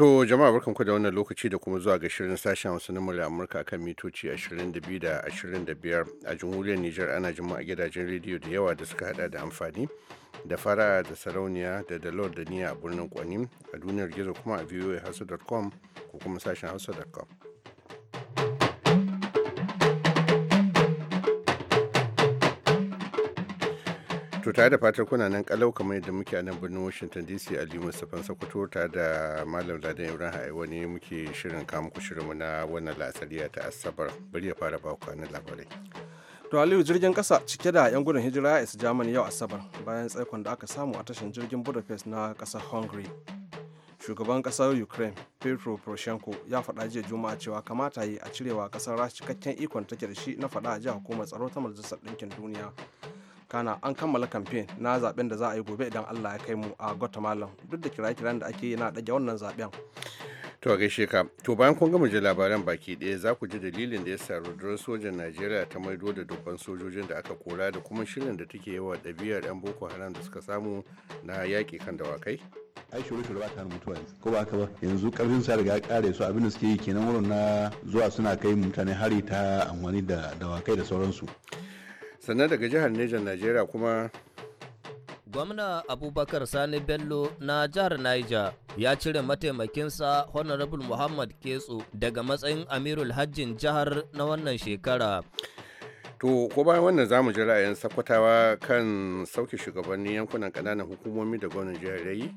To jama'a barkan da wannan lokaci da kuma zuwa ga shirin sashen wasu na murya Amurka kan mitoci 22 da 25 a jamhuriyar Nijar ana jima a gidajen rediyo da yawa da suka hada da amfani da fara da sarauniya da lord da niya a birnin kwani a duniyar gizo kuma a voahasu.com ko kuma sashen hausa.com. To tare da fatan kuna nan kalau kamar yadda muke a nan birnin Washington DC Aliyu Mustapha Sokoto ta da Malam Ladan Ibrahim Aiwa ne muke shirin kamu ku mu na wannan lasariya ta Asabar. Bari ya fara ba kanin labarai. To Aliyu jirgin kasa cike da 'yan gudun hijira ya isa Germany yau Asabar bayan tsaikon da aka samu a tashin jirgin Budapest na kasar Hungary. Shugaban kasar Ukraine Petro Poroshenko ya faɗa jiya Juma'a cewa kamata yi a cirewa kasar Rasha cikakken ikon take da shi na faɗa a jihar hukumar tsaro ta Majalisar Ɗinkin Duniya. kana an kammala kamfen na zaben da za a yi gobe idan allah ya kai mu a guatemala duk da kira da ake yi na ɗage wannan zaben To gaishe ka, to bayan kun gama ji labaran baki ɗaya za ku ji dalilin da ya sa rundunar sojan Najeriya ta maido da dubban sojojin da aka kora da kuma shirin da take yawa ɗabi'ar 'yan Boko Haram da suka samu na yaƙi kan dawakai. ai shuru ba ta mutuwa yanzu ko ba ba yanzu karfin sa riga kare su abin da suke yi kenan wurin na zuwa suna kai mutane hari ta amfani da dawakai da sauransu. sannan daga jihar Nijar Najeriya kuma Gwamna Abubakar Sani Bello na jihar Niger ya cire mataimakinsa Honorable Muhammad ketsu daga matsayin Amirul Hajjin jihar na wannan shekara. To, ko bayan wannan za mu ji ra'ayin sakwatawa kan sauke shugabannin yankunan ƙananan hukumomi da gwamnan jihar yayi?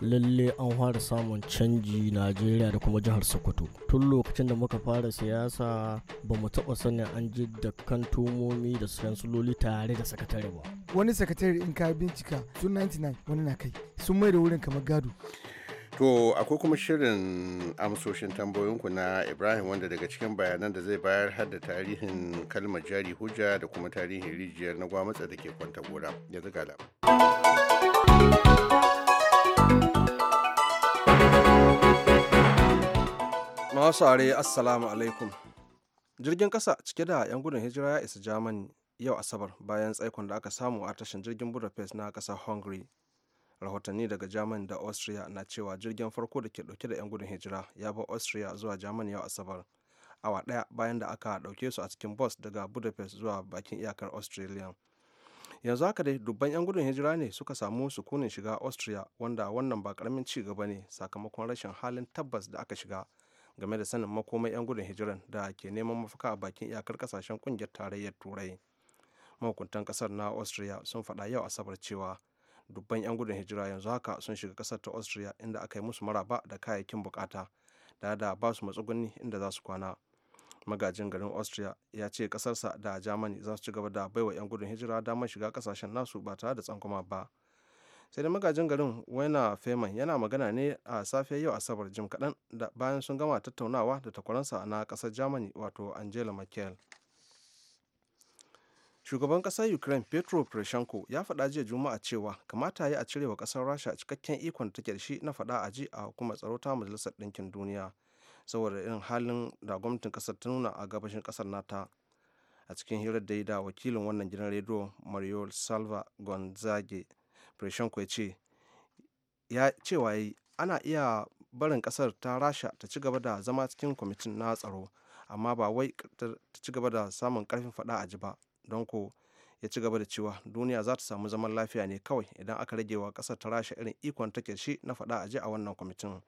lalle an fara samun canji najeriya da kuma jihar sokoto tun lokacin da muka fara siyasa ba mu taɓa sanin an ji da kan tumomi da sansuloli tare da sakatare ba wani sakatare in ka bincika sun 99 wani na kai sun mai da wurin kamar gado To akwai kuma shirin amsoshin tambayoyinku na Ibrahim wanda daga cikin bayanan da zai bayar har da tarihin kalmar jari hujja da kuma tarihin rijiyar na gwamatsa da ke kwanta gora. Yanzu ga masu are assalamu alaikum jirgin kasa cike da 'yan gudun hijira ya isa germany yau asabar bayan tsaikon da aka samu a tashin jirgin budapest na kasar hungary rahotanni daga germany da austria na cewa jirgin farko da ke dauke da 'yan gudun hijira ya bar austria zuwa germany yau asabar awa daya bayan da aka dauke su a cikin bus daga budapest zuwa bakin iyakar australia yanzu haka dai dubban 'yan gudun hijira ne suka samu sukunin shiga austria wanda wannan ba karamin ci gaba ne sakamakon rashin halin tabbas da aka shiga game da sanin makomai 'yan gudun hijiran da ke neman mafaka a bakin iyakar kasashen kungiyar tarayyar turai mahukuntan kasar na austria sun faɗa yau asabar cewa dubban 'yan gudun hijira yanzu haka sun shiga kasar ta austria inda aka yi musu maraba da kayayyakin bukata da da ba su matsuguni inda za su kwana magajin garin austria ya ce kasarsa da germany za su ci gaba da baiwa 'yan gudun hijira damar shiga kasashen nasu ba tare da tsangwama ba sai da magajin garin waina feman yana magana ne a safe yau asabar jim kaɗan bayan sun gama tattaunawa da takwaransa na kasar germany wato angela merkel shugaban ƙasar ukraine petro poroshenko ya faɗa jiya juma'a cewa kamata ya a cire wa ƙasar rasha cikakken ikon take da shi na faɗa a ji a hukumar tsaro ta majalisar ɗinkin duniya saboda irin halin da gwamnatin ƙasar ta nuna a gabashin ƙasar nata a cikin hirar da ya da wakilin wannan gidan rediyo mario salva gonzage Poroshenko ya ce cewa ya cewa ana iya barin kasar ta rasha ta ci gaba da zama cikin kwamitin na tsaro amma ba wai ta ci gaba da samun karfin fada a ji ba don ko ya ci gaba da cewa duniya za ta samu zaman lafiya ne kawai idan aka rage wa kasar ta rasha irin ikon take shi na fada a ji a wannan kwamitin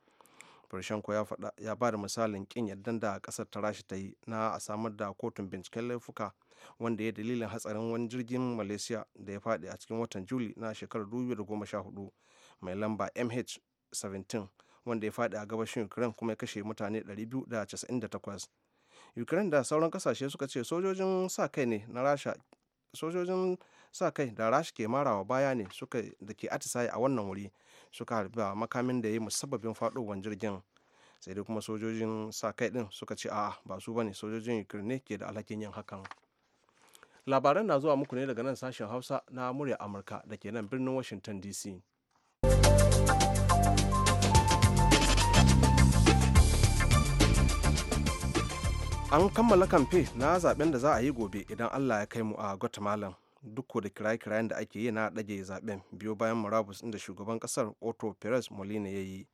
poroshenko ya, ya ba da misalin kin yardan da kasar ta rasha ta yi na a samar da kotun binciken laifuka wanda ya dalilin hatsarin wani jirgin malaysia da ya faɗi a cikin watan juli na shekarar 2014 mai lamba mh 17 wanda ya faɗi a gabashin ukraine kuma ya kashe mutane 298 ukraine da sauran kasashe suka ce sojojin sa kai ne na rasha sojojin sa kai da rasha ke marawa baya ne suka da ke atisaye a wannan wuri suka harba makamin da ya yi musabbabin faɗowar jirgin sai dai kuma sojojin sa kai din suka ce a'a ba su ba ne sojojin ukraine ne ke da alhakin yin hakan labaran na zuwa muku ne daga nan sashen hausa na murya amurka da ke nan birnin washington dc an kammala kamfe na zaben da za a yi gobe idan allah ya kai mu a guatemala duk da kiraye-kirayen da ake yi na ɗage zaben biyo bayan murabus inda shugaban ƙasar otto perez molina ya yi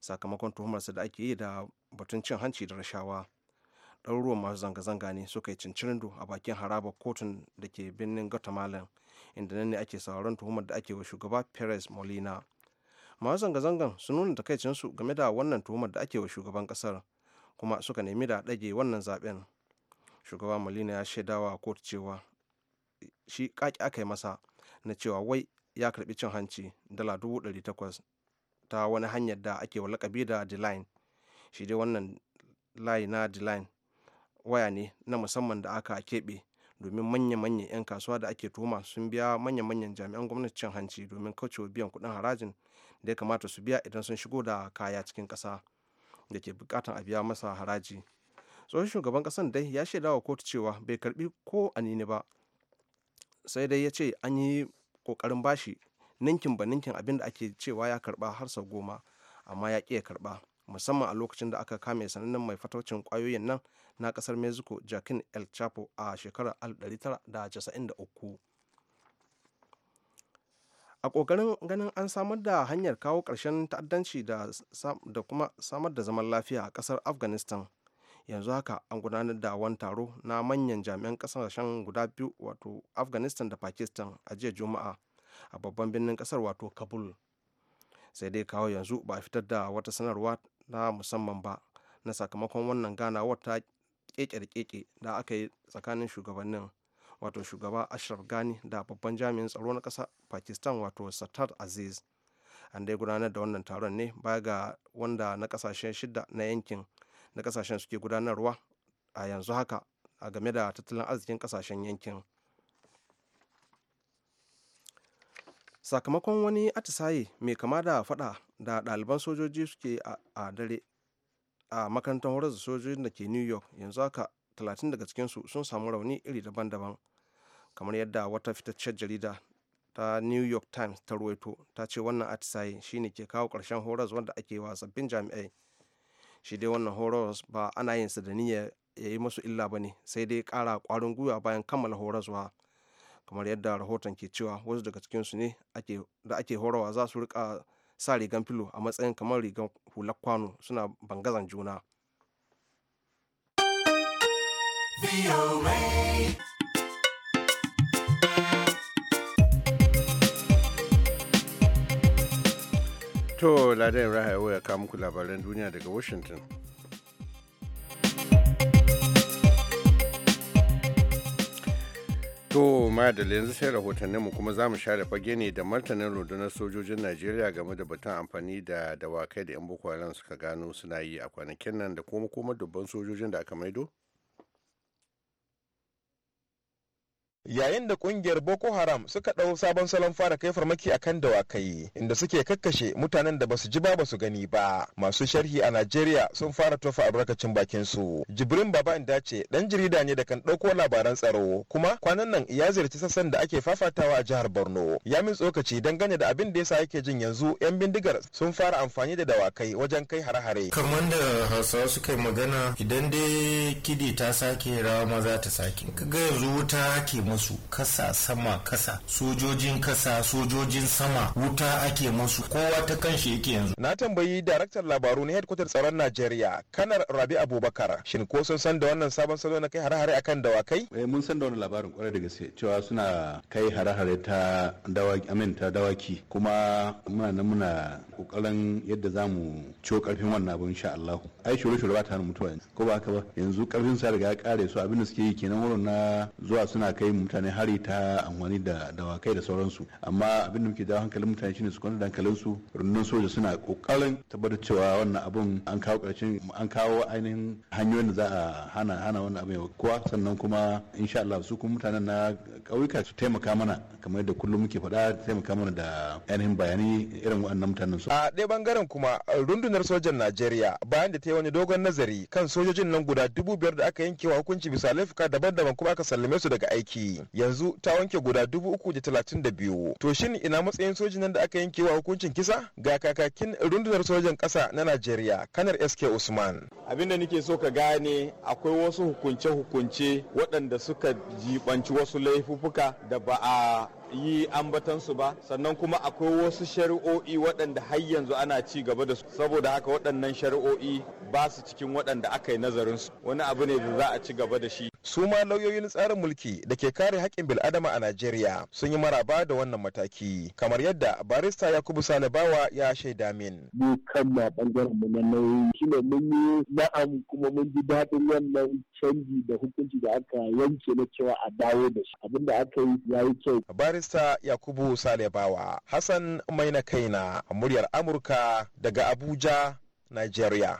sakamakon tuhumarsa da ake yi da batun cin hanci da rashawa ɗaruruwan masu zanga-zanga ne suka yi cincirindo a bakin harabar kotun da ke birnin guatemala inda nan ne ake sauraron tuhumar da ake wa shugaba perez molina masu zanga-zangan su nuna takaicinsu game da wannan tuhumar da ake wa shugaban kasar kuma suka nemi da ɗage wannan zaɓen shugaba molina ya shaidawa kotu cewa shi ƙaƙi aka yi masa na cewa wai ya karɓi cin hanci dala dubu ɗari takwas ta wani hanyar da ake wa lakabi da deline line shi dai wannan layi na deline waya ne na musamman da aka keɓe domin manya-manyan 'yan kasuwa da ake tuhuma sun biya manya-manyan jami'an gwamnati cin hanci domin kaucewa biyan kuɗin harajin da ya kamata su biya idan sun shigo da kaya cikin ƙasa da ke buƙatan a biya masa haraji tsohon shugaban ƙasan dai ya shaidawa kotu cewa bai karbi ko anini ba sai dai ya ce an yi ƙoƙarin bashi ninkin ba ninkin abin da ake cewa ya karba har sau goma amma ya ƙi ya karba musamman a lokacin da aka kame sanannen mai fataucin kwayoyin nan na kasar mexico jakin el chapo a shekarar 1993 a kokarin ganin an samar da hanyar kawo ƙarshen ta'addanci da kuma samar da zaman lafiya a ƙasar afghanistan yanzu haka an gudanar da wani taro na manyan jami'an ƙasashen guda biyu wato afghanistan da pakistan a jiya juma'a a babban birnin ƙasar wato kabul sai dai kawo yanzu ba a fitar da wata sanarwa na musamman ba na sakamakon wannan gana wata keke da keke da aka yi tsakanin shugabannin wato shugaba ashraf gani da babban jami'in tsaro na ƙasa pakistan wato satar aziz an dai gudanar da wannan taron ne baya ga wanda na kasashen shida na yankin na kasashen suke gudanarwa a yanzu haka a game da tattalin arzikin kasashen yankin sakamakon wani atisaye mai kama da fada da ɗaliban sojoji suke a dare a makarantar horar da sojojin da ke new york yanzu haka 30 daga cikinsu sun samu rauni iri daban-daban kamar yadda wata fitaccen jarida ta new york times ta ruwaito ta ce wannan atisaye shine ke kawo ƙarshen horas wanda ake wa sabbin jami'ai shi dai wannan horas ba ana yin su da niyya ya yi masu illa ba ne sai dai ƙara ƙwarin gwiwa bayan kammala horaswa. kamar yadda rahoton ke cewa wasu daga cikinsu ne da ake horawa za su rika sa rigan filo a matsayin kamar rigan hular kwano suna bangazan juna To, Ladan Rahaya ya kawo muku labaran duniya daga Washington. To madalla yanzu sai rahotanninmu kuma za mu share fage ne da martanin rundunar sojojin Najeriya game da batun amfani da dawakai da 'yan boko haram suka gano suna yi a kwanakin nan da kuma kuma dubban sojojin da aka maido? yayin da kungiyar boko haram suka ɗau sabon salon fara kai farmaki akan dawakai inda suke kakkashe mutanen da basu ji ba basu gani ba masu sharhi a najeriya sun fara tofa albarkacin bakin su jibrin baba inda ce dan jarida ne da kan ɗauko labaran tsaro kuma kwanan nan ya ziyarci sassan da ake fafatawa a jihar borno ya min tsokaci dangane da abin da yasa yake jin yanzu yan bindigar sun fara amfani da dawakai wajen kai hare-hare kamar da hausawa suka magana idan dai kidi ta sake rawa maza ta sake kaga yanzu wuta ke masu kasa sama kasa sojojin kasa sojojin sama wuta ake masu kowa ta kan shi yake yanzu na tambayi daraktan labaru na headquarter tsaron Najeriya kanar Rabi Abubakar shin ko sun san da wannan sabon salo na kai hare-hare akan dawakai eh mun san da wannan labarin kwarai da gaske cewa suna kai hare-hare ta dawaki amin ta dawaki kuma muna nan muna kokarin yadda zamu ciwo karfin wannan abu insha Allah ai shuru shuru ba ta hana mutuwa ko ba haka ba yanzu karfin sa riga ya kare su abin da suke yi kenan wurin na zuwa suna kai mutane hari ta amfani da dawakai da sauransu amma abin da muke jawo hankalin mutane shine su kwana da hankalin su rundun soja suna kokarin tabbatar cewa wannan abun an kawo karshen an kawo ainihin hanyoyin da za a hana hana wannan abin kowa sannan kuma insha Allah su kuma mutanen na kauyuka su taimaka mana kamar yadda kullum muke faɗa taimaka mana da ainihin bayani irin waɗannan mutanen su a ɗaya bangaren kuma rundunar sojan Najeriya bayan da ta ta yi wani dogon nazari kan sojojin nan guda dubu biyar da aka yankewa hukunci bisa laifuka daban-daban kuma aka sallame su daga aiki yanzu ta wanke guda dubu uku da talatin da biyu to shin ina matsayin sojin nan da aka wa hukuncin kisa ga kakakin rundunar sojan kasa na najeriya kanar sk usman abin da nake so ka gane akwai wasu hukunce-hukunce waɗanda suka jibanci wasu laifuka da ba a yi ambatansu ba sannan kuma akwai wasu shari'o'i waɗanda har yanzu ana ci gaba da su saboda haka waɗannan shari'o'i ba su cikin waɗanda aka yi nazarin su wani abu ne da za a ci gaba da shi su ma lauyoyin tsarin mulki da ke kare haƙƙin bil'adama a najeriya sun yi maraba da wannan mataki kamar yadda barista yakubu salibawa ya shaida min mu kanna bangaren mu na nauyi shine mun yi na'am kuma mun ji daɗin wannan canji da hukunci da aka yanke na cewa a dawo da shi abinda aka yi ya yi kyau barista Yakubu Salebawa, Hassan Maina Kaina, muryar Amurka daga Abuja, Nigeria.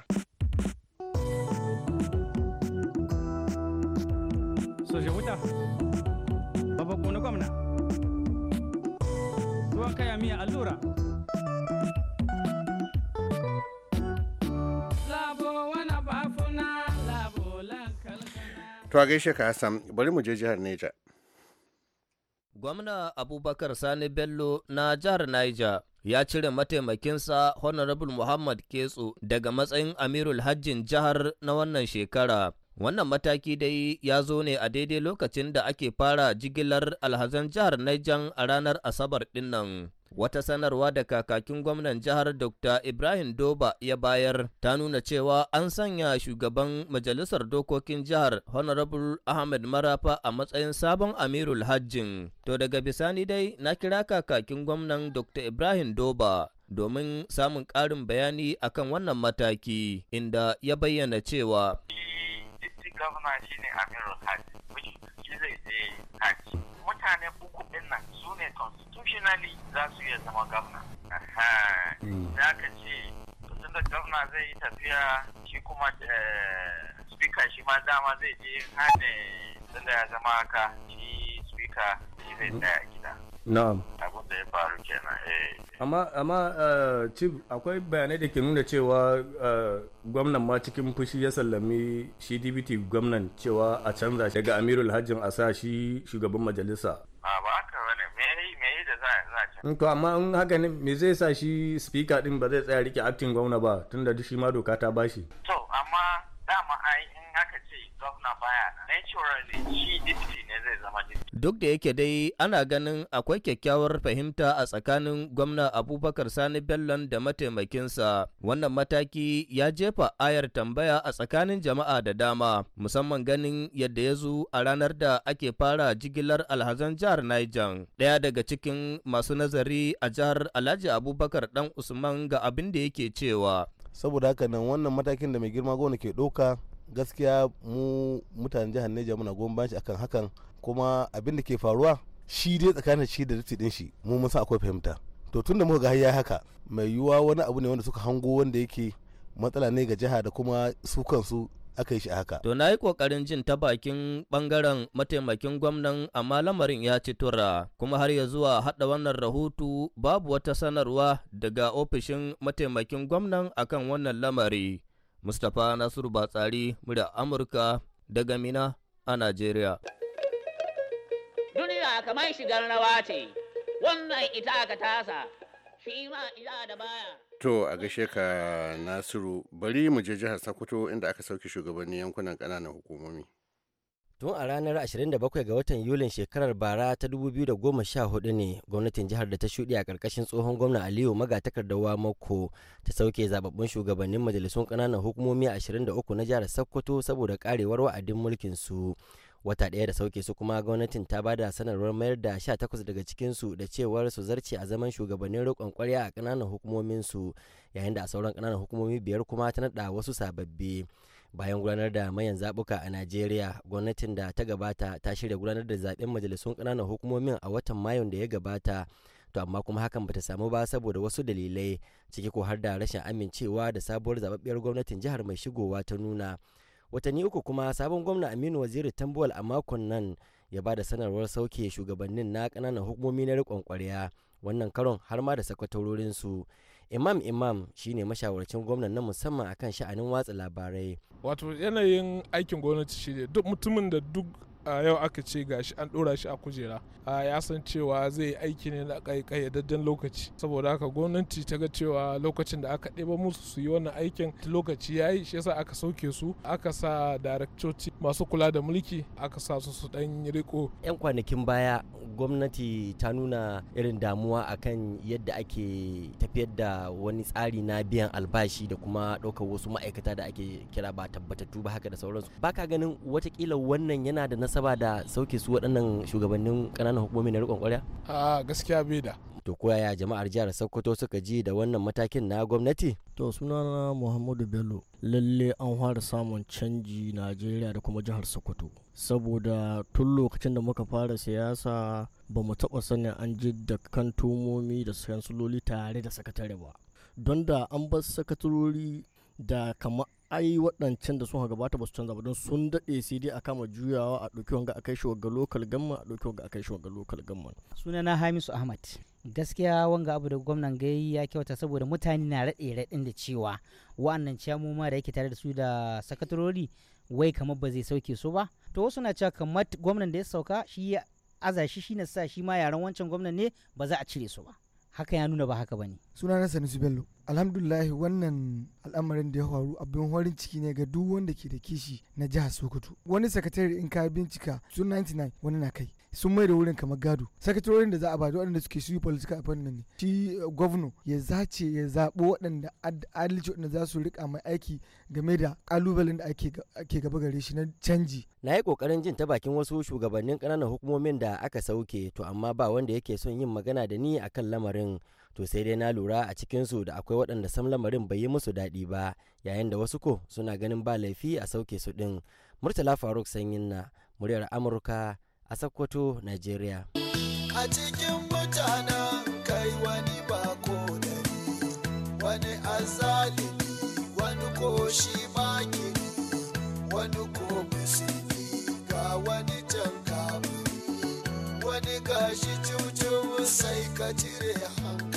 Soje wuta, baba na gwamna, Ruwan kaya miya allura. To a gaishe ka Assam bari mu je jihar Neja. Gwamna Abubakar Sani Bello na jihar Niger ya cire mataimakinsa Honorable Muhammad ketsu daga matsayin Amirul Hajjin jihar na wannan shekara. Wannan mataki dai ya zo ne a daidai lokacin da ake fara jigilar alhazan jihar Niger a ranar Asabar ɗinnan. Wata sanarwa da kakakin gwamnan jihar Dr. Ibrahim Doba ya bayar ta nuna cewa an sanya shugaban majalisar dokokin jihar Honorable Ahmed Marafa a matsayin sabon Amirul Hajjin. To daga bisani dai na kira kakakin gwamnan Dr. Ibrahim Doba domin samun ƙarin bayani akan wannan mataki inda ya bayyana cewa. shine Amirul Hajji, a mutane uku din nan su ne constitutionally za su iya zama gwamna hmm. za ka ce tun da gwamna zai yi tafiya shi kuma eh, speaker shi ma dama zai je hane tun da ya zama haka shi speaker shi zai tsaya gida na'am abin da ya faru kenan eh amma amma eh, chief akwai bayanai da ke nuna cewa eh, gwamnan ma cikin fushi ya sallami shi dbt gwamnan cewa a canza shi daga amirul hajjin a sa shi shugaban majalisa a ba haka bane me me da za a canza amma in haka ne me zai sa shi speaker din ba zai tsaya rike acting gwamna ba tunda duk shi ma doka ta bashi to amma dama ai baya naturally shi ne zai zama dipti. Duk da yake dai ana ganin akwai kyakkyawar fahimta a tsakanin gwamna Abubakar Sani Bello da mataimakinsa. Wannan mataki ya jefa ayar tambaya a tsakanin jama'a da dama musamman ganin yadda ya zo a ranar da ake fara jigilar alhazan jihar Niger. Ɗaya daga cikin masu nazari a jihar Alhaji Abubakar Dan Usman ga abin da yake cewa. Saboda haka nan wannan matakin da mai girma gona ke ɗauka gaskiya mu mutanen jihar Neja muna goma bayan shi akan hakan kuma abin da ke faruwa shi dai tsakanin shi da dutse din shi mu mun san akwai fahimta to tun da muka ga ya haka mai yiwuwa wani abu ne wanda suka hango wanda yake matsala ne ga jiha da kuma su kansu aka yi shi haka. To na yi kokarin jin ta bakin bangaren mataimakin gwamnan amma lamarin ya ci tura kuma har ya zuwa hada wannan rahoto babu wata sanarwa daga ofishin mataimakin gwamnan akan wannan lamari. Mustapha Nasiru Batsari murya Amurka daga Mina a Najeriya. Duniya kamar shigar rawa ce, wannan ita aka tasa, shi ma ila da baya. To a gaishe ka Nasiru, bari mu je jihar Sokoto inda aka sauke shugabannin yankunan ƙananan hukumomi. tun a ranar 27 ga watan yulin shekarar bara ta 2014 ne gwamnatin jihar da ta shuɗe a ƙarƙashin tsohon gwamna aliyu magatakardawa mako ta sauke zababbun shugabannin majalisun ƙananan hukumomi 23 na jihar sokoto saboda ƙarewar wa'adin mulkin su wata ɗaya da sauke su kuma gwamnatin ta bada sanarwar mayar da 18 daga cikin su da cewar su zarce a zaman shugabannin roƙon ƙwarya a ƙananan hukumomin su yayin da a sauran ƙananan hukumomi biyar kuma ta naɗa wasu sababbi bayan gudanar da mayan zabuka a najeriya gwamnatin da ta gabata ta shirya gudanar da zaben majalisun ƙananan hukumomin a watan mayun da ya gabata to amma kuma hakan bata samu ba saboda wasu dalilai ciki ko har da rashin amincewa da sabuwar zababbiyar gwamnatin jihar mai shigowa ta nuna watanni uku kuma sabon gwamna aminu waziri tambuwal a makon nan ya ba da sanarwar sauke shugabannin na ƙananan hukumomi na riƙon ƙwarya wannan karon har ma da sakwatarorinsu su imam imam shine mashawarcin gwamnan na musamman akan sha'anin watsa labarai wato yanayin aikin gwamnati shine duk mutumin da duk a yau aka ce gashi an ɗora shi a kujera a ya san cewa zai aiki ne na ƙaiƙayyadadden lokaci saboda haka gwamnati ta ga cewa lokacin da aka ɗeba musu su yi wannan aikin lokaci ya yi shi yasa aka sauke su aka sa daraktoci masu kula da mulki aka sa su su ɗan riko yan kwanakin baya gwamnati ta nuna irin damuwa akan yadda ake tafiyar da wani tsari na biyan albashi da kuma ɗaukar wasu ma'aikata da ake kira ba tabbatattu ba haka da sauransu baka ganin watakila wannan yana da nasaba da sauke su waɗannan shugabannin ƙananan hukumomi na riƙon ƙwarya? a gaskiya bai da to koyaya jama'ar jihar sokoto suka ji da wannan matakin na gwamnati to sunana muhammadu bello lalle an fara samun canji najeriya da kuma jihar sokoto saboda tun lokacin da muka fara siyasa ba mu taɓa sanin an ji da kan tumomi da sansuloli tare da sakatare ba don da an bar sakatarori da kama ai waɗancan da suka gabata ba su canza ba don sun daɗe sai dai a kama juyawa a ɗauki wanga a kai shi wanga lokal gamma a ɗauki wanga a kai shi wanga lokal gamma. sunana hamisu ahmad gaskiya wanga abu da gwamnan gai ya kyauta saboda mutane na raɗe raɗin da cewa wa'annan ma da yake tare da su da sakatarori wai kamar ba zai sauke su ba to wasu na cewa kamar gwamnan da ya sauka shi ya aza shi na sa shi ma yaran wancan gwamnan ne ba za a cire su ba haka ya nuna ba haka ba ne. suna na sanusi bello alhamdulahi wannan al'amarin da ya faru abin horin ciki ne ga duk wanda ke da kishi na jihar sokoto wani sakatare in ka bincika sun 99 wani na kai sun mai da wurin kamar gado sakatorin da za a bada waɗanda suke su yi political appointment ne shi eh, gwamna ya zace ya zaɓo waɗanda adalci waɗanda za su riƙa mai aiki game da ƙalubalen da ake gaba gare shi na canji na yi ƙoƙarin jin ta bakin wasu shugabannin ƙananan hukumomin da aka sauke to amma ba wanda yake son yin magana da ni akan lamarin to sai dai na lura a cikinsu da akwai waɗanda sam lamarin bai yi musu daɗi ba yayin da wasu ko suna ganin ba laifi a sauke su ɗin murtala faruk sanyin na muryar amurka a sakkwato nigeria a cikin mutanen kai wani bako dari wani azalimi wani ko shi wani ko musulmi ga wani wani gashi cucu sai ka cire hankali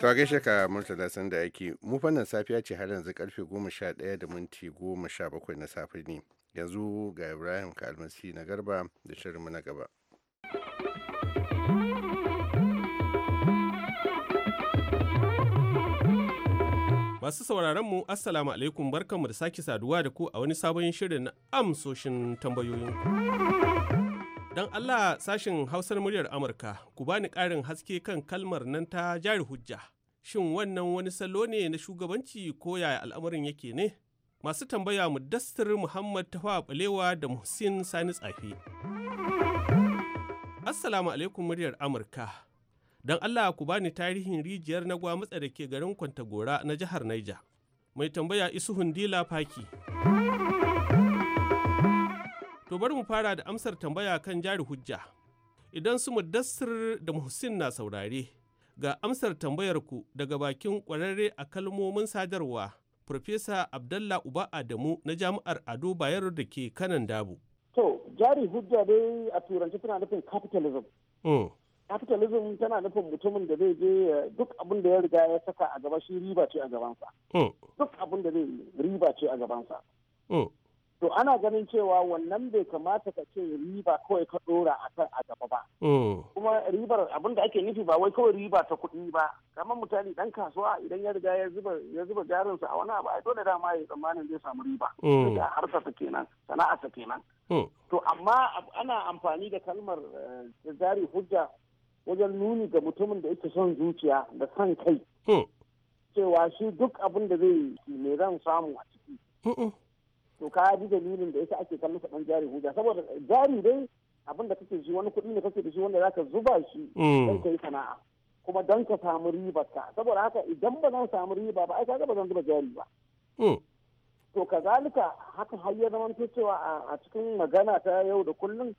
To a gaishe ka Murtala sanda ake mu fannin safiya ce har yanzu karfe ɗaya da minti bakwai na safe ne. Yanzu ga Ibrahim ka almasi na garba da shirinmu na gaba. Masu sauraron mu Assalamu alaikum barkanmu da sake saduwa da ku a wani sabon shirin amsoshin tambayoyin. Don Allah sashen Hausar muryar Amurka, ku bani ƙarin haske kan kalmar nan ta jari hujja. Shin wannan wani salo ne na shugabanci ko yaya al'amarin yake ne? Masu tambaya mu Dastar Muhammad Tafa Balewa da Muhsin Sani Tsafi. Assalamu alaikum muryar Amurka. Don Allah ku bani tarihin rijiyar na gwamutsa da ke garin Kwantagora na jihar Naija. Mai tambaya Isu Hundila Faki. To bari mu fara da amsar tambaya kan jari hujja. Idan su Mudassir da Muhsin na saurare, ga amsar tambayarku daga bakin ƙwararre a kalmomin sadarwa, Profesa Abdalla Uba Adamu na Jami'ar Ado bayar da ke kanan dabu. To, jari hujja dai a turanci tana nufin capitalism. Hmm. Capitalism tana nufin mutumin da zai je eh, duk abin da ya riga ya saka a gaba shi riba ce a gabansa. Hmm. Duk abin da zai riba ce a gabansa. Hmm. to ana ganin cewa wannan bai kamata ka ce riba kawai ka dora a kan a gaba ba mm. kuma ribar abin da ake nufi ba wai kawai riba ta kuɗi ba kamar mutane dan kasuwa idan ya riga ya zuba ya sa a wani abu ai dole dama ya tsammanin zai samu riba mm. da harsa ta kenan sana'a ta kenan mm. to amma ana amfani da kalmar eh, jari hujja wajen nuni ga mutumin da yake son zuciya da son kai cewa shi duk abin da zai me zan samu a ciki to ka ji dalilin da yasa ake kan masa dan jari hujja saboda jari dai abin da kake ji wani kuɗi ne kake da shi wanda ka zuba shi mm. don ka sana'a kuma don ka samu ribar ka saboda haka idan ba zan samu riba ba ai kaga ba zan zuba jari ba mm. to kazalika haka har ya zama cewa a cikin magana ta yau da kullum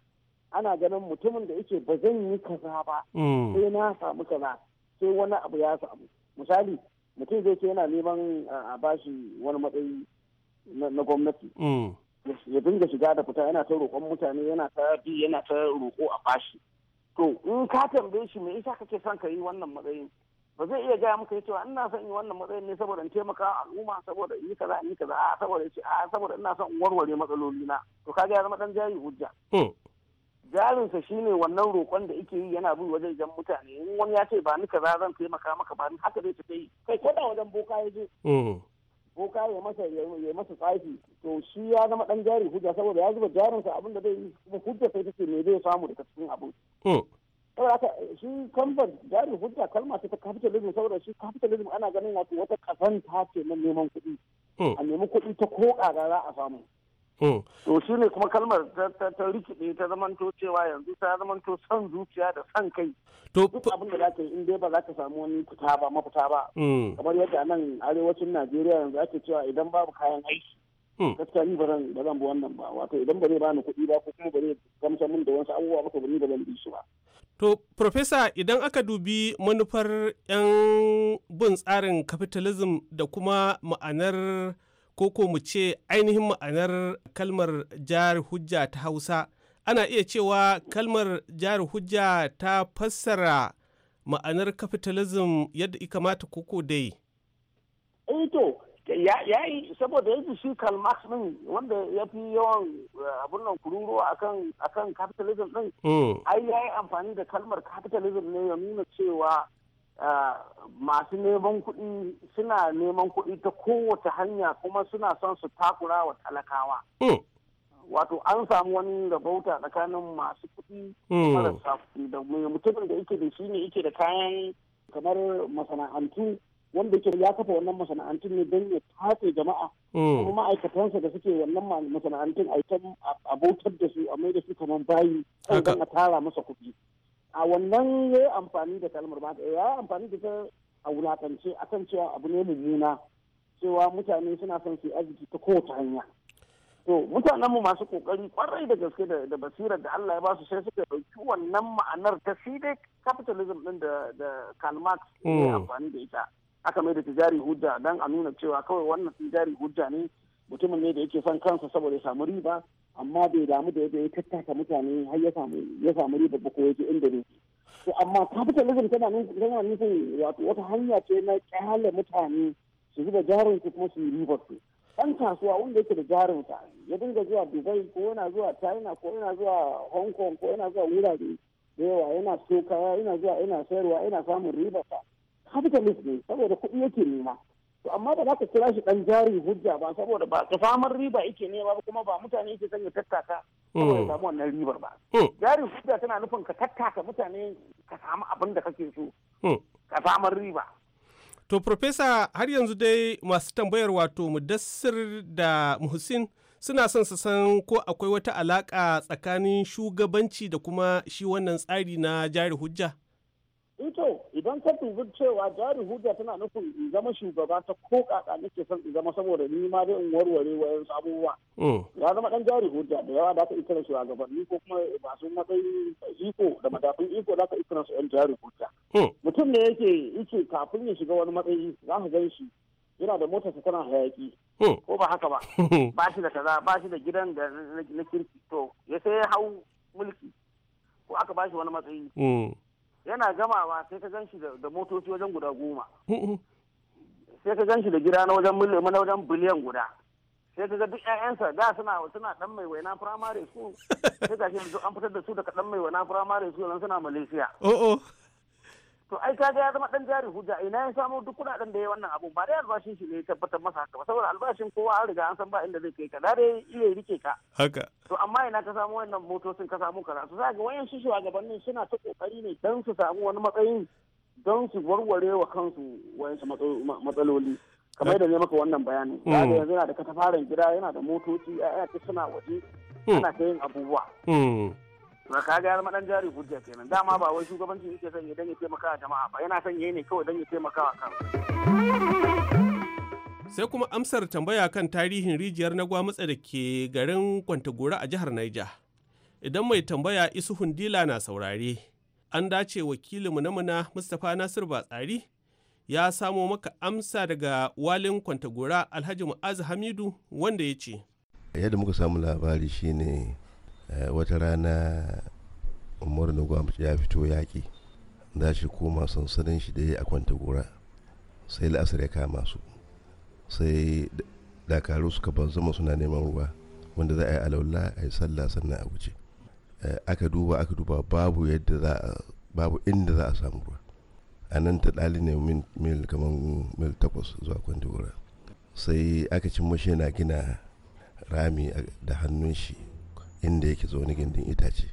ana ganin mutumin da yake ba zan yi kaza ba mm. sai na samu kaza sai wani abu ya samu misali mutum zai ce yana neman a bashi wani matsayi na gwamnati mm. ya dinga shiga da fita yana ta roƙon mutane yana ta bi yana ta roƙo a bashi to in ka tambaye shi me yasa kake son ka yi wannan matsayin ba zai iya gaya maka cewa ina son yi wannan matsayin ne saboda in taimaka al'umma saboda in yi kaza in yi kaza a saboda ce a saboda ina son in warware matsaloli na to kaga ya zama dan jari hujja mm. jarinsa shine wannan roƙon da yake yi yana bi wajen jan mutane in wani ya ce ba ni kaza zan taimaka maka ba ni haka zai ta yi kai ko da wajen boka ya je mm. boka yi masa ya masa tsafi to shi ya zama dan jari hujja saboda ya zuba jarinsa abin da zai yi kuma hujja sai take me zai samu daga cikin abin hmm. saboda haka eh, shi kamfan jari hujja kalma ta ta capitalism saboda shi capitalism ana ganin wato wata kasanta ce na neman kuɗi hmm. a nemi kuɗi ta ko ƙara za a samu Oh. to shi ne kuma kalmar ta rikide ta zamanto cewa yanzu ta zamanto son zuciya da son kai to abin da za ka yi in dai ba za ka samu wani fita ba mafita ba hmm. kamar yadda nan arewacin najeriya yanzu ake cewa idan babu kayan aiki hmm. gaskiya ni ba zan ba bi wannan ba wato idan ba zai bani kuɗi ba ko kuma ba zai gamsa min da wasu abubuwa ba ko ni ba zan bi su ba To, Profesa, idan aka dubi manufar 'yan bin tsarin capitalism da kuma ma'anar ko ko mu ce ainihin ma'anar kalmar jari hujja ta hausa ana iya cewa kalmar jari hujja ta fassara ma'anar capitalism yadda i kamata koko dai eh to ya yi saboda yanzu shi kalmas wanda ya fi yawan eh, abun nan kururo akan akan capitalism din mm. ai ya yi amfani da kalmar capitalism ne ya nuna cewa masu neman kuɗi suna neman kuɗi ta kowace hanya kuma suna son su takura wa talakawa. Hmm. Wato an samu wani rabauta tsakanin masu kuɗi hmm. marasa kuɗi da mutumin da yake da shi ne yake da kayan kamar masana'antu wanda yake ya kafa wannan masana'antun ne don ya tace jama'a hmm. kuma ma'aikatansa da suke wannan masana'antun a bautar da su a mai da su kamar bayi a tara masa kuɗi. a wannan ya amfani da kalmar ba ya yi amfani da ta a wulatance a kan cewa abu ne mummuna cewa mutane suna son su arziki ta kowace hanya to mutanen mu masu kokari kwarai da gaske da basirar da Allah ya ba su sai suka dauki wannan ma'anar ta shi dai capitalism din da da Karl Marx ya mm. amfani da ita aka mai da tijari hujja dan a nuna cewa kawai wannan tijari hujja ne mutumin ne da yake son kansa saboda ya samu riba amma bai damu da yadda ya tattaka mutane har ya samu ya samu riba ba ko yaje inda ne to amma capitalism tana tana nufin wato wata hanya ce na kyale mutane su zuba jarin su kuma su yi riba su dan kasuwa wanda yake da jarin sa ya dinga zuwa Dubai ko yana zuwa China ko yana zuwa Hong Kong ko yana zuwa wurare da yawa yana so kaya yana zuwa yana sayarwa yana samun riba sa capitalism ne saboda kuɗi yake nema to amma ba za ka kira shi dan jari hujja ba saboda ba ka samar riba yake nema ba kuma ba mutane yake son ya tattaka saboda hmm. samu wannan ribar ba hmm. jari hujja tana nufin ka tattaka mutane ka samu abin da kake so hmm. ka samar riba to profesa har yanzu dai masu tambayar wato mudassir da muhsin suna son su san ko akwai wata alaka tsakanin shugabanci da kuma shi wannan tsari na jari hujja ito idan ka dubi cewa jari hujja tana nufin in zama shugaba ta ko kaka nake son in zama saboda ni ma dai in warware wayan abubuwa oh. ya zama dan jari hujja da yawa da aka ikira shugabanni ko kuma masu matsayin iko da madafin iko da aka ikira su yan jari hujja oh. mutum ne yake yake kafin ya shiga wani matsayi za ka gan shi yana da motarsa tana hayaki oh. ko ba haka ba ba shi da kaza ba shi da gidan da na kirki to ya sai hau mulki ko aka ba shi wani matsayi yana gamawa sai ka ganshi da motoci wajen guda goma sai ka ganshi da gida na wajen miliyan wajen biliyan guda sai ka ga duk ƴaƴansa da suna suna dan mai waina primary school sai ka shi an fitar da su daga dan mai waina primary school suna Malaysia oh oh to ai ka ga ya zama dan jari hujja ina ya samu duk kuɗaɗen da ya wannan abu ba dai albashin shi ne ya tabbatar masa haka ba saboda albashin kowa an riga an san ba inda zai kai ka da dai iya rike ka haka to amma ina ka samu wannan motocin ka samu kaza to ga wayan su shugabannin suna ta kokari ne dan su samu wani matsayin don su warware wa kansu su matsaloli kamar da ne maka wannan bayanin hmm. zaga yanzu yana da katafaren gida yana da motoci ya'ya suna waje ana hmm. ta yin abubuwa hmm. to ka ga zama jari hujja kenan dama ba wai shugabanci yake son ya ya taimaka jama'a ba yana son yayi ne kawai dan ya taimaka kansa sai kuma amsar tambaya kan tarihin rijiyar na gwamutsa da ke garin kwantagora a jihar Naija. Idan mai tambaya isu hundila na saurare, an dace wakilin mu na munamuna Mustapha Nasir Batsari ya samo maka amsa daga walin kwantagora Alhaji Mu'azu Hamidu wanda ya ce. Yadda muka samu labari shine Eh, wata rana umaru na gwamnati ya fito yaƙi za shi koma sansanin shi da ya a kwanta gora sai la'asar ya kama su sai dakaru suka zama suna neman ruwa wanda za a yi alaula a yi sallah sannan a wuce eh, aka duba aka duba babu yadda za babu inda za a samu ruwa a nan ta ɗali ne mil kamar mil takwas zuwa kwanta gora sai aka cin mashi yana gina rami da hannun shi inda yake zaune gindin itace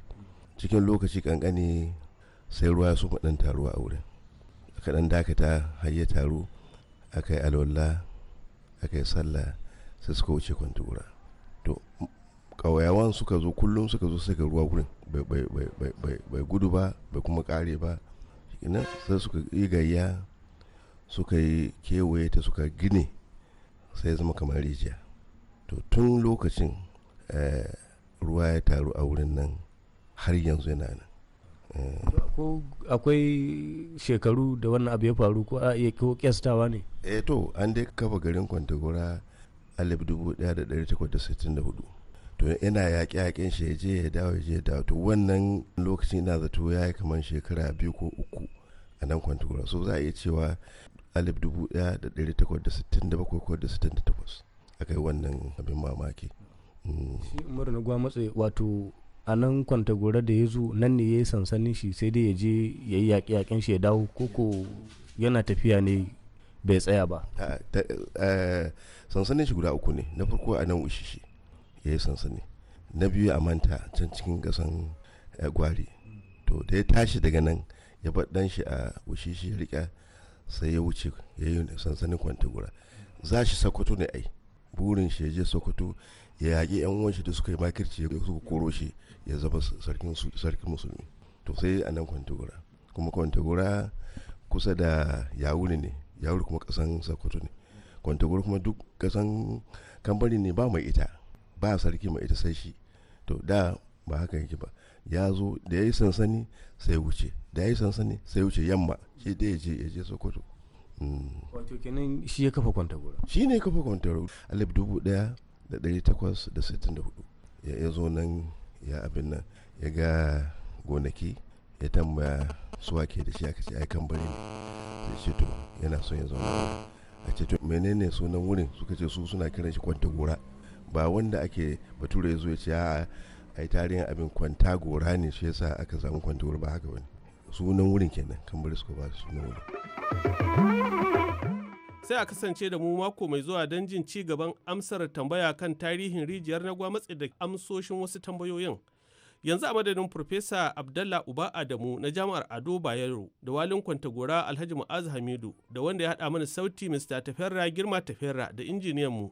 cikin lokaci kankani sai ruwa su ɗan taruwa a wurin aka dan dakata har ya taru aka yi alwala aka yi sallah sai suka wuce kwantura to ƙauyawan suka zo kullum suka zo suka ruwa wurin bai gudu ba bai kuma ƙare ba ina sai suka yi gayya suka yi kewaye ta suka gine sai zama kamar rijiya to tun lokacin eh, ruwa ya taru a wurin nan har yanzu yana nan akwai shekaru da wannan abu ya faru ko a iya ko kyastawa ne eh to an dai kafa garin kwantagora 1864 to yana yaƙe yaƙen shi ya je ya dawo ya je ya dawo to wannan lokaci na zato ya yi kamar shekara biyu ko uku a nan kwantagora so za a iya cewa 1867 ko 68 akai wannan abin mamaki shi umaru na matsayi wato a nan kwanta gora da ya zo nan ne ya yi sansanin shi sai dai ya je ya yi yaƙi yaƙin shi ya dawo koko yana tafiya ne bai tsaya ba sansanin shi guda uku ne na farko a nan ushishi ya yi sansani na biyu a manta can cikin gasan gwari to da ya tashi daga nan ya bar shi a ushishi ya riƙa sai ya wuce ya yi sansanin kwanta gora za shi sokoto ne ai burin shi ya je sokoto ya yaƙi yan uwan shi da suka yi makirci ya suka koro shi ya zama sarkin sarkin musulmi to sai a nan kwantagora kuma kwantagora kusa da yawuri ne yawuri kuma kasan sokoto ne kwantagora kuma duk kasan kamfani ne ba mai ita ba sarki mai ita sai shi to da ba haka yake ba ya zo da ya yi sansani sai wuce da ya yi sansani sai wuce yamma shi da ya je ya je sokoto mm. wato kenan shi ya kafa kwantagora shi ne kafa kwantagora alif dubu daya da ɗari takwas da sittin da hudu ya zo nan ya abin nan ya ga gonaki ya tambaya suwa ke da shi aka ce ai kambari da shi ce to yana son ya zauna a ce to menene sunan wurin suka ce su suna kiran shi kwanta gora ba wanda ake bature ya zo ya ce a ai tarihin abin kwanta gora ne shi yasa aka samu kwanta gora ba haka bane sunan wurin kenan kambari suka ba sunan wurin sai a kasance da mu mako mai zuwa don jin ci gaban amsar tambaya kan tarihin rijiyar na gwamatsi da amsoshin wasu tambayoyin. Yanzu a madadin profesa Abdallah Uba Adamu na Jami'ar Ado Bayero da Walin Kwantagora Alhaji Mu'azu Hamidu da wanda ya haɗa mana sauti Mr. Tafera Girma Tafera da injiniyan mu.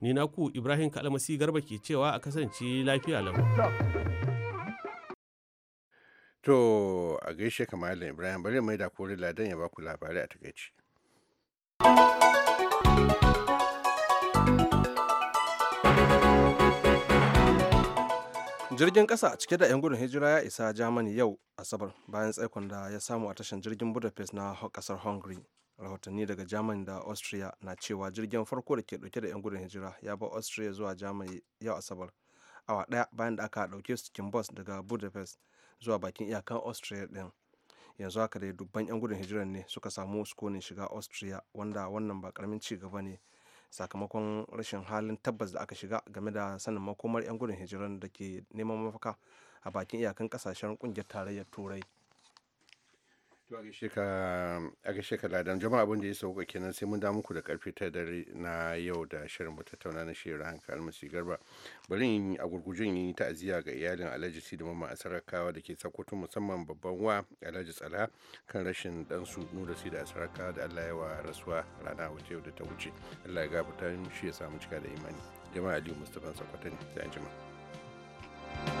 Ni ku Ibrahim Kalmasi Garba ke cewa a kasance lafiya lau. To a gaishe kamar Ibrahim bari mai da kori ladan ya baku labarai a takaici. jirgin kasa cike da 'yan gudun hijira ya isa germany yau asabar bayan tsaikon da ya samu a tashar jirgin budapest na kasar hungary rahotanni daga germany da austria na cewa jirgin farko da ke dauke da 'yan gudun hijira ya bar austria zuwa germany yau asabar awa daya bayan da aka dauke su cikin bus daga budapest zuwa bakin iyakan austria din yanzu haka dai dubban 'yan gudun hijirar ne suka samu sukonin shiga austria wanda wannan ba karamin ci gaba ne sakamakon rashin halin tabbas da aka shiga game da sanin makomar 'yan gudun hijirar da ke neman mafaka a bakin iyakan kasashen kungiyar tarayyar turai a ga ka ladan jama'a abin da ya sauka kenan sai mun da muku da karfe ta dare na yau da shirin mu tattauna na shirin hankali almasi garba bari in a gurgujin yi ta'aziyya ga iyalin Alhaji Sidi Mama Asarakawa da ke Sokoto musamman babban wa Alhaji Tsala kan rashin dan su Nura Sidi Asarakawa da Allah yawa rasuwa rana wuce da ta wuce Allah ya gafarta shi ya samu cika da imani jama'a Aliyu mustapha Sokoto ne sai an jima.